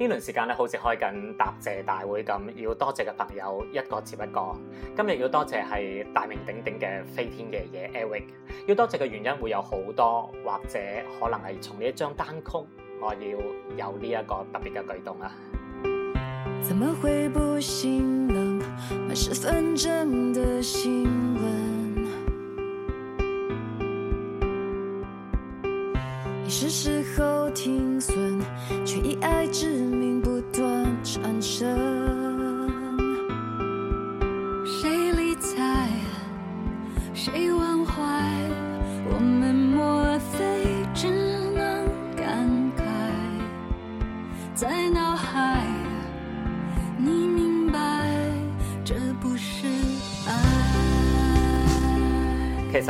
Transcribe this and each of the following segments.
呢輪時間咧，好似開緊答謝大會咁，要多謝嘅朋友一個接一個。今日要多謝係大名鼎鼎嘅飛天爺爺 Eric，要多謝嘅原因會有好多，或者可能係從呢一張單曲，我要有呢一個特別嘅舉動啊！怎麼會不是時候停損，卻以愛之名不斷纏身。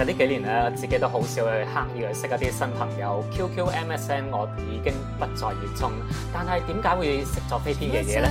呢幾年自己都好少去刻意去識一啲新朋友。QQ、MSN 我已經不再熱衷，但係點解會識咗飛天爺爺呢？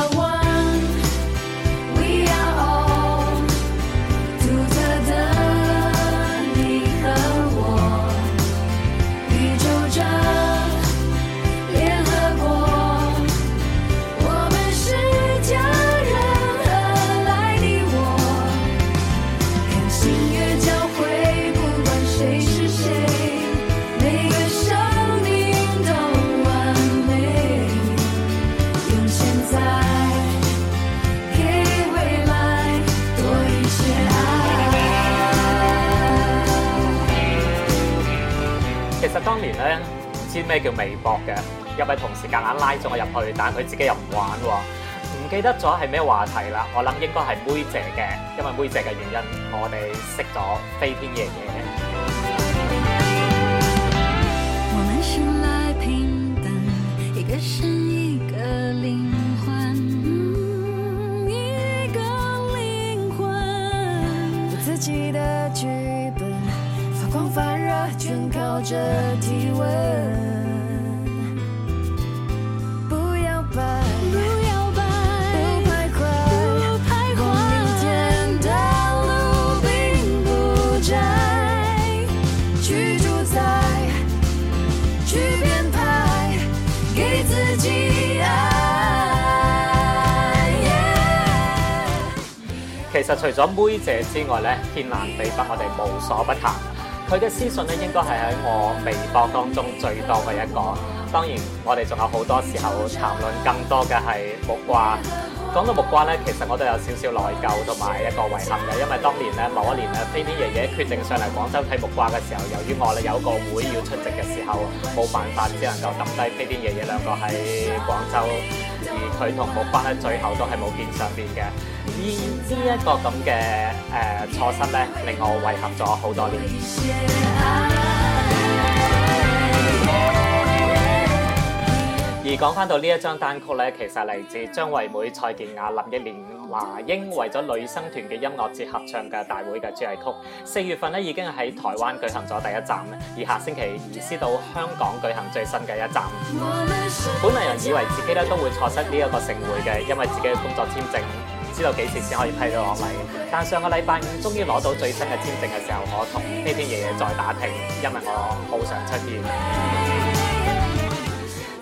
其實當年咧，唔知咩叫微博嘅，有位同事夾硬拉咗我入去，但係佢自己又唔玩喎、哦，唔記得咗係咩話題啦。我諗應該係妹姐嘅，因為妹姐嘅原因，我哋識咗飛天爺爺。 全靠這體溫，不搖擺，不搖擺，不徘徊，不徘徊，明天的路並不窄，去主宰，去編排，給自己愛。其實除咗妹姐之外呢，天南地北，我哋無所不談。佢嘅私信咧，應該係喺我微博當中最多嘅一個。當然，我哋仲有好多時候談論更多嘅係木瓜。講到木瓜咧，其實我都有少少內疚同埋一個遺憾嘅，因為當年咧某一年咧飛天爺爺決定上嚟廣州睇木瓜嘅時候，由於我哋有個會要出席嘅時候，冇辦法，只能夠抌低飛天爺爺兩個喺廣州，而佢同木瓜咧最後都係冇見上面嘅。呢呢一個咁嘅誒錯失咧，令我遺憾咗好多年。而講翻到呢一張單曲咧，其實嚟自張惠妹、蔡健雅、林憶蓮、那英，為咗女生團嘅音樂節合唱嘅大會嘅主題曲。四月份咧已經喺台灣舉行咗第一站，而下星期移師到香港舉行最新嘅一站。本來人以為自己咧都會錯失呢一個盛會嘅，因為自己嘅工作簽證，唔知道幾時先可以批到落嚟。但上個禮拜五終於攞到最新嘅簽證嘅時候，我同呢邊爺爺再打聽，因為我好想出現。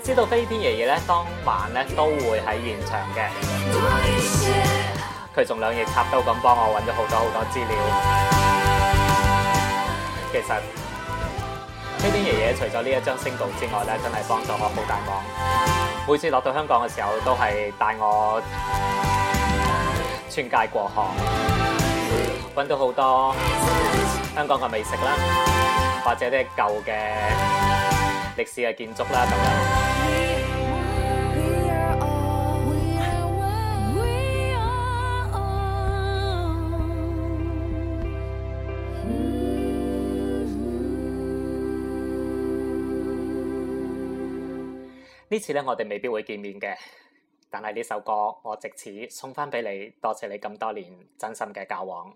知道飛天爺爺咧，當晚咧都會喺現場嘅。佢仲兩肋插刀咁幫我揾咗好多好多資料。其實飛天爺爺除咗呢一張 single 之外咧，真係幫咗我好大忙。每次落到香港嘅時候，都係帶我穿街過巷，揾到好多香港嘅美食啦，或者啲舊嘅歷史嘅建築啦咁樣。呢次咧，我哋未必會見面嘅，但係呢首歌，我藉此送翻俾你，多謝你咁多年真心嘅交往。